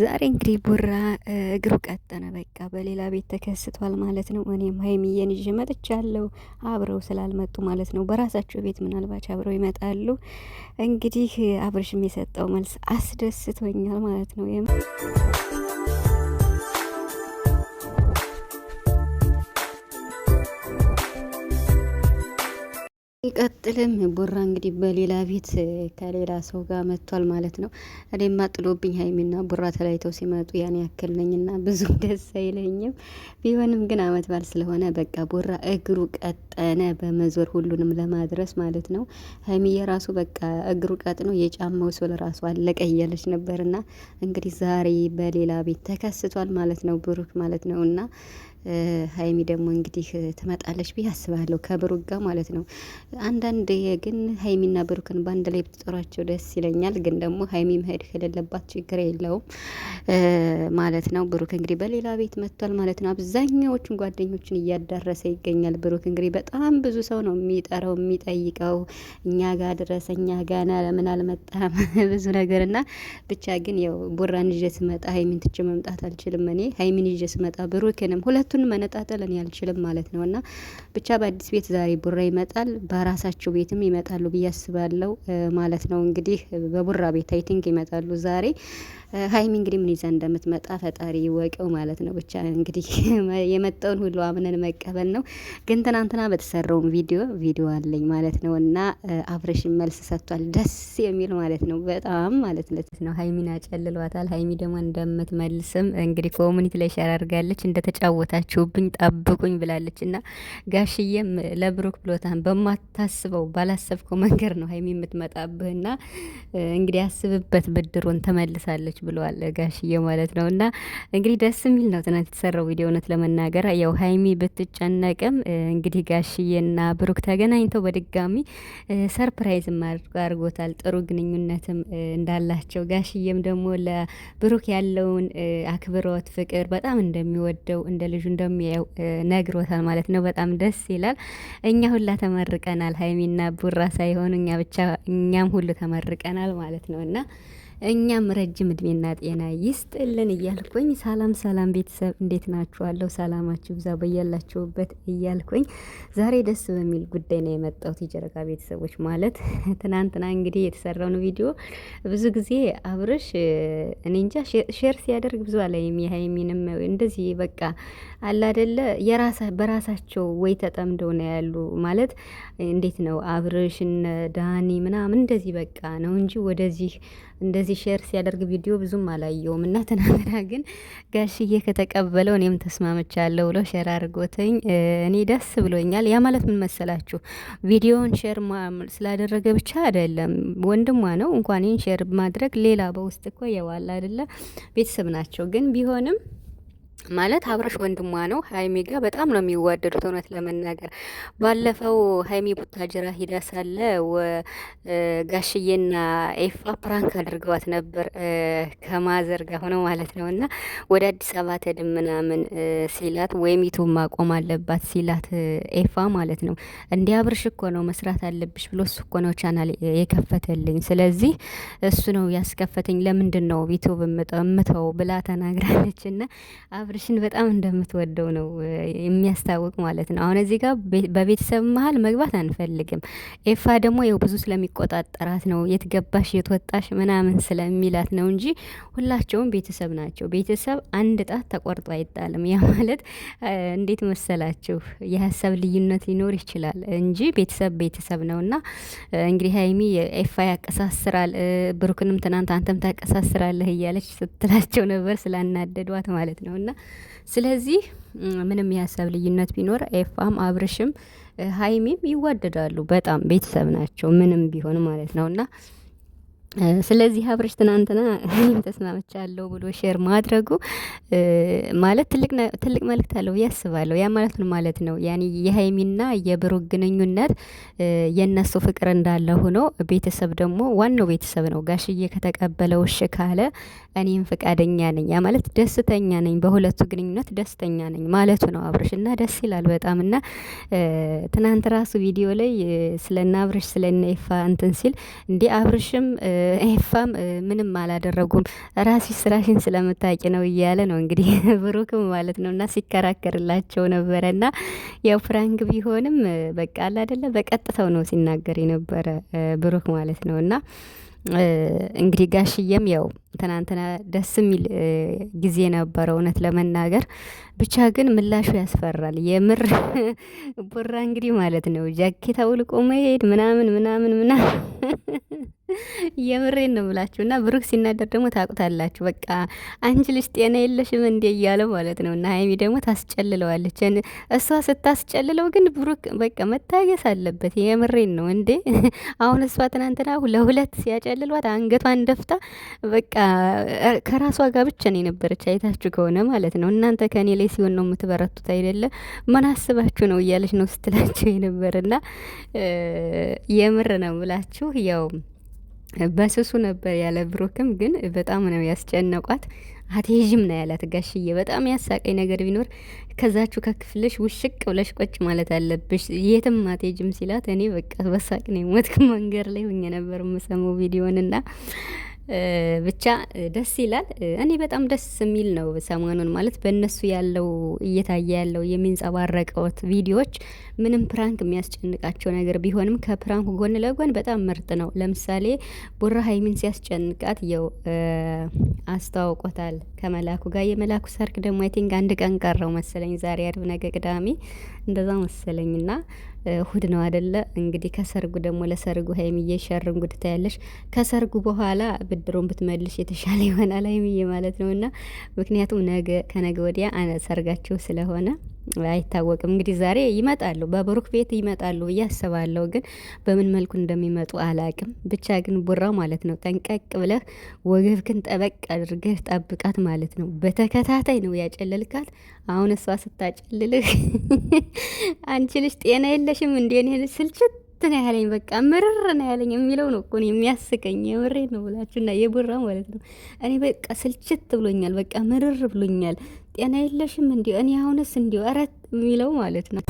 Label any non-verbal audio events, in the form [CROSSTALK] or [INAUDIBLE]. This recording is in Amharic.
ዛሬ እንግዲህ ቡራ እግሩ ቀጠነ። በቃ በሌላ ቤት ተከስቷል ማለት ነው። እኔም ሀይሚዬን ይዤ መጥቻለሁ። አብረው ስላልመጡ ማለት ነው። በራሳቸው ቤት ምናልባች አብረው ይመጣሉ። እንግዲህ አብርሽም የሰጠው መልስ አስደስቶኛል ማለት ነው። ሲቀጥልም ቡራ እንግዲህ በሌላ ቤት ከሌላ ሰው ጋር መጥቷል ማለት ነው። እኔማ ጥሎብኝ ሀይሚና ቡራ ተለያይተው ሲመጡ ያን ያክል ነኝና ብዙ [LAUGHS] ደስ አይለኝም። ቢሆንም ግን አመት በዓል ስለሆነ በቃ ቡራ እግሩ ቀጠነ በመዞር ሁሉንም ለማድረስ ማለት ነው። ሀይሚ የራሱ በቃ እግሩ ቀጥኖ የጫማው ሶል ራሱ አለቀ እያለች ነበርና እንግዲህ ዛሬ በሌላ ቤት ተከስቷል ማለት ነው ብሩክ ማለት ነው እና ሀይሚ ደግሞ እንግዲህ ትመጣለች ብዬ አስባለሁ ከብሩክ ጋር ማለት ነው። አንዳንድ ግን ሀይሚና ብሩክን በአንድ ላይ ብትጦራቸው ደስ ይለኛል። ግን ደግሞ ሀይሚ መሄድ ከሌለባት ችግር የለውም ማለት ነው። ብሩክ እንግዲህ በሌላ ቤት መጥቷል ማለት ነው። አብዛኛዎቹን ጓደኞችን እያዳረሰ ይገኛል። ብሩክ እንግዲህ በጣም ብዙ ሰው ነው የሚጠራው የሚጠይቀው እኛ ጋር ድረስ እኛ ጋና ለምን አልመጣም [LAUGHS] ብዙ ነገር እና ብቻ ግን ያው ቡራን ይዤ ስመጣ ሀይሚን ትቼ መምጣት አልችልም። እኔ ሀይሚን ይዤ ስመጣ ብሩክንም ሁለት ሁለቱን መነጣጠል እኔ አልችልም ማለት ነው። እና ብቻ በአዲስ ቤት ዛሬ ቡራ ይመጣል፣ በራሳቸው ቤትም ይመጣሉ ብዬ አስባለሁ ማለት ነው። እንግዲህ በቡራ ቤት አይ ቲንክ ይመጣሉ ዛሬ። ሀይሚ እንግዲህ ምን ይዛ እንደምትመጣ ፈጣሪ ይወቀው ማለት ነው። ብቻ እንግዲህ [LAUGHS] የመጣውን ሁሉ አምነን መቀበል ነው። ግን ትናንትና በተሰራውም ቪዲዮ ቪዲዮ አለኝ ማለት ነው እና አብረሽን መልስ ሰጥቷል። ደስ የሚል ማለት ነው በጣም ማለት ነው። ሀይሚን አጨልሏታል። ሀይሚ ደግሞ እንደምትመልስም እንግዲህ ኮሚኒቲ ላይ ሸር አድርጋለች እንደተጫወታል እንዳመጣችሁብኝ ጠብቁኝ ብላለች እና ጋሽዬም ለብሩክ ብሎታን በማታስበው ባላሰብከው መንገድ ነው ሀይሚ የምትመጣብህና እንግዲህ አስብበት ብድሩን ተመልሳለች ብለዋል ጋሽዬ ማለት ነው። እና እንግዲህ ደስ የሚል ነው ትናንት የተሰራው ቪዲዮ እውነት ለመናገር ያው ሀይሚ ብትጨነቅም እንግዲህ ጋሽዬና ብሩክ ተገናኝተው በድጋሚ ሰርፕራይዝ አድርጎታል። ጥሩ ግንኙነትም እንዳላቸው ጋሽዬም ደግሞ ለብሩክ ያለውን አክብሮት ፍቅር በጣም እንደሚወደው እንደ ልጁ እንደሚያየው ነግሮታል ማለት ነው። በጣም ደስ ይላል። እኛ ሁላ ተመርቀናል። ሀይሚና ቡራ ሳይሆኑ እኛ ብቻ እኛም ሁሉ ተመርቀናል ማለት ነው እና እኛም ረጅም እድሜና ጤና ይስጥልን እያልኩኝ ሰላም ሰላም ቤተሰብ እንዴት ናችኋለሁ? ሰላማችሁ ብዛ በያላችሁበት እያልኩኝ ዛሬ ደስ በሚል ጉዳይ ነው የመጣሁት። የጨረቃ ቤተሰቦች ማለት [LAUGHS] ትናንትና እንግዲህ የተሰራውን ቪዲዮ ብዙ ጊዜ አብርሽ እኔ እንጃ ሼር ሲያደርግ ብዙ አላይም። የሀይሚንም እንደዚህ በቃ አላደለ የራሳ በራሳቸው ወይ ተጠምደው ነው ያሉ ማለት እንዴት ነው አብርሽን ዳኒ ምናምን እንደዚህ በቃ ነው እንጂ ወደዚህ እንደዚህ ሼር ሲያደርግ ቪዲዮ ብዙም አላየውም እና ትናንትና ግን ጋሽዬ ከተቀበለው እኔም ተስማምቻለሁ ብሎ ሼር አድርጎትኝ እኔ ደስ ብሎኛል። ያ ማለት ምን መሰላችሁ ቪዲዮውን ሼር ስላደረገ ብቻ አይደለም፣ ወንድሟ ነው እንኳን ይህን ሼር ማድረግ ሌላ በውስጥ እኮ የዋል አይደለ ቤተሰብ ናቸው ግን ቢሆንም ማለት አብርሽ ወንድሟ ነው። ሀይሚ ጋር በጣም ነው የሚዋደዱት። እውነት ለመናገር ባለፈው ሀይሚ ቡታጅራ ሂዳ ሳለ ጋሽዬና ኤፋ ፕራንክ አድርገዋት ነበር ከማዘር ጋር ሆነው ማለት ነው። እና ወደ አዲስ አበባ ተድም ምናምን ሲላት ወይም ይቱ ማቆም አለባት ሲላት ኤፋ ማለት ነው። እንዲ አብርሽ እኮ ነው መስራት አለብሽ ብሎ እሱ እኮ ነው ቻናል የከፈተልኝ። ስለዚህ እሱ ነው ያስከፈተኝ። ለምንድን ነው ዩቱብ እምተው ብላ ተናግራለች እና አብርሽን በጣም እንደምትወደው ነው የሚያስታውቅ ማለት ነው። አሁን እዚህ ጋር በቤተሰብ መሀል መግባት አንፈልግም። ኤፋ ደግሞ ይኸው ብዙ ስለሚቆጣጠራት ነው የትገባሽ የትወጣሽ ምናምን ስለሚላት ነው እንጂ ሁላቸውም ቤተሰብ ናቸው። ቤተሰብ አንድ ጣት ተቆርጦ አይጣልም። ያ ማለት እንዴት መሰላችሁ የሀሳብ ልዩነት ሊኖር ይችላል እንጂ ቤተሰብ ቤተሰብ ነውና እንግዲህ ሀይሚ ኤፋ ያቀሳስራል፣ ብሩክንም ትናንት አንተም ታቀሳስራለህ እያለች ስትላቸው ነበር ስላናደዷት ማለት ነውና ስለዚህ ምንም የሀሳብ ልዩነት ቢኖር ኤፋም አብርሽም ሀይሚም ይዋደዳሉ። በጣም ቤተሰብ ናቸው ምንም ቢሆን ማለት ነው እና ስለዚህ አብርሽ ትናንትና እኔም ተስማምቻለሁ ብሎ ሼር ማድረጉ ማለት ትልቅ መልእክት አለው ብዬ ያ ማለት ምን ማለት ነው? ያኔ የሀይሚና የብሩ ግንኙነት የእነሱ ፍቅር እንዳለ ሆኖ ቤተሰብ ደግሞ ዋናው ቤተሰብ ነው። ጋሽዬ ከተቀበለ ሽ ካለ እኔም ፈቃደኛ ነኝ፣ ያ ማለት ደስተኛ ነኝ፣ በሁለቱ ግንኙነት ደስተኛ ነኝ ማለቱ ነው አብርሽ እና ደስ ይላል በጣም እና ትናንት ራሱ ቪዲዮ ላይ ስለና አብርሽ ስለና ይፋ እንትን ሲል እንዲህ አብርሽም ኤፋም ምንም አላደረጉም ራሲ ስራሽን ስለምታቂ ነው እያለ ነው እንግዲህ [LAUGHS] ብሩክም ማለት ነው እና ሲከራከርላቸው ነበረ እና ያው ፍራንክ ቢሆንም በቃ አደለ በቀጥተው ነው ሲናገር የነበረ ብሩክ ማለት ነው እና እንግዲህ ጋሽዬም ያው ትናንትና ደስ የሚል ጊዜ ነበረ፣ እውነት ለመናገር ብቻ ግን ምላሹ ያስፈራል። የምር [LAUGHS] ቡራ እንግዲህ ማለት ነው ጃኬት አውልቆ መሄድ ምናምን ምናምን ምናምን [LAUGHS] የምሬን ነው ብላችሁ እና ብሩክ ሲናደር ደግሞ ታቁታላችሁ። በቃ አንቺ ልጅ ጤና የለሽም እንዴ እያለ ማለት ነው። እና ሀይሚ ደግሞ ታስጨልለዋለች። እሷ ስታስጨልለው ግን ብሩክ በቃ መታገስ አለበት። የምሬን ነው እንዴ። አሁን እሷ ትናንትና ለሁለት ሲያጨልሏት አንገቷን ደፍታ በቃ ከራሷ ጋር ብቻ ነው የነበረች፣ አይታችሁ ከሆነ ማለት ነው። እናንተ ከእኔ ላይ ሲሆን ነው የምትበረቱት አይደለ? ምን አስባችሁ ነው እያለች ነው ስትላቸው የነበርና የምር ነው ብላችሁ ያው በስሱ ነበር ያለ ብሩክም ግን በጣም ነው ያስጨነቋት። አትሄጂም ና ያላት ጋሽዬ። በጣም ያሳቀኝ ነገር ቢኖር ከዛችሁ ከክፍልሽ ውሽቅ ብለሽ ቆጭ ማለት አለብሽ የትም አትሄጅም ሲላት፣ እኔ በቃ በሳቅ ነው ሞትክ መንገድ ላይ ሆኜ ነበር የምሰማው ቪዲዮንና ብቻ ደስ ይላል። እኔ በጣም ደስ የሚል ነው ሰሞኑን ማለት በእነሱ ያለው እየታየ ያለው የሚንጸባረቀውት ቪዲዮዎች ምንም ፕራንክ የሚያስጨንቃቸው ነገር ቢሆንም ከፕራንኩ ጎን ለጎን በጣም ምርጥ ነው። ለምሳሌ ቡራ ሀይሚን ሲያስጨንቃት የው አስተዋውቆታል ከመላኩ ጋር። የመላኩ ሰርግ ደግሞ አይ ቲንክ አንድ ቀን ቀረው መሰለኝ ዛሬ አርብ ነገ ቅዳሜ እንደዛ መሰለኝና እሁድ ነው አደለ? እንግዲህ ከሰርጉ ደግሞ ለሰርጉ ሀይሚዬ ሸርን ጉድ ታያለሽ። ከሰርጉ በኋላ ብድሮን ብትመልሽ የተሻለ ይሆናል ሀይሚዬ ማለት ነው። እና ምክንያቱም ነገ ከነገ ወዲያ ሰርጋቸው ስለሆነ አይታወቅም። እንግዲህ ዛሬ ይመጣሉ፣ በብሩክ ቤት ይመጣሉ ብዬ ግን በምን መልኩ እንደሚመጡ አላቅም። ብቻ ግን ቡራ ማለት ነው ጠንቀቅ ብለህ ወገብክን ጠበቅ አድርገህ ጠብቃት ማለት ነው። በተከታታይ ነው ያጨለልካት። አሁን እሷ ስታጨልልህ [LAUGHS] አንቺ ልጅ ጤና የለሽም እንደኔ ልጅ ስልችት ትን ያለኝ በቃ ምርር ነው ያለኝ የሚለው ነው እኮ የሚያስቀኝ የምሬ ነው ብላችሁ እና የቡራ ማለት ነው። እኔ በቃ ስልችት ብሎኛል፣ በቃ ምርር ብሎኛል። ጤና የለሽም እንዲሁ እኔ አሁንስ እንዲሁ እረት የሚለው ማለት ነው።